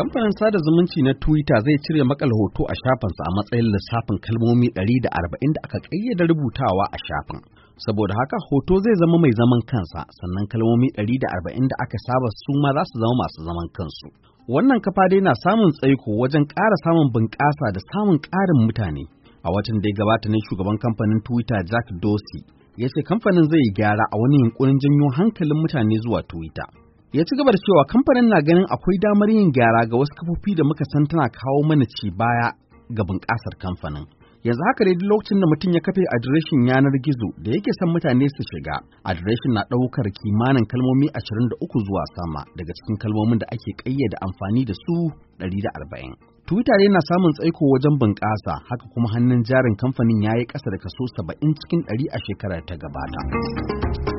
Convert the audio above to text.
Kamfanin sada zumunci na Twitter zai cire makal hoto a shafinsa a matsayin lissafin kalmomi 140 da aka ƙayyade rubutawa a shafin. Saboda haka hoto zai zama mai zaman kansa sannan kalmomi 140 da aka saba su ma za su zama masu zaman kansu. Wannan kafa dai na samun tsaiko wajen ƙara samun bunƙasa da samun ƙarin mutane. A watan da ya gabata ne shugaban kamfanin Twitter Jack Dorsey ya ce kamfanin zai gyara a wani yunkurin janyo hankalin mutane zuwa Twitter. ya ci gaba da cewa kamfanin na ganin akwai damar yin gyara ga wasu kafofi da muka san tana kawo mana ci baya ga bunƙasar kamfanin yanzu haka dai lokacin da mutum ya kafe adireshin yanar gizo da yake son mutane su shiga adireshin na ɗaukar kimanin kalmomi ashirin da uku zuwa sama daga cikin kalmomin da ake ƙayyade amfani da su ɗari 140 Twitter yana samun tsaiko wajen bunƙasa haka kuma hannun jarin kamfanin ya yi ƙasa da kaso 70 cikin ɗari a shekarar ta gabata.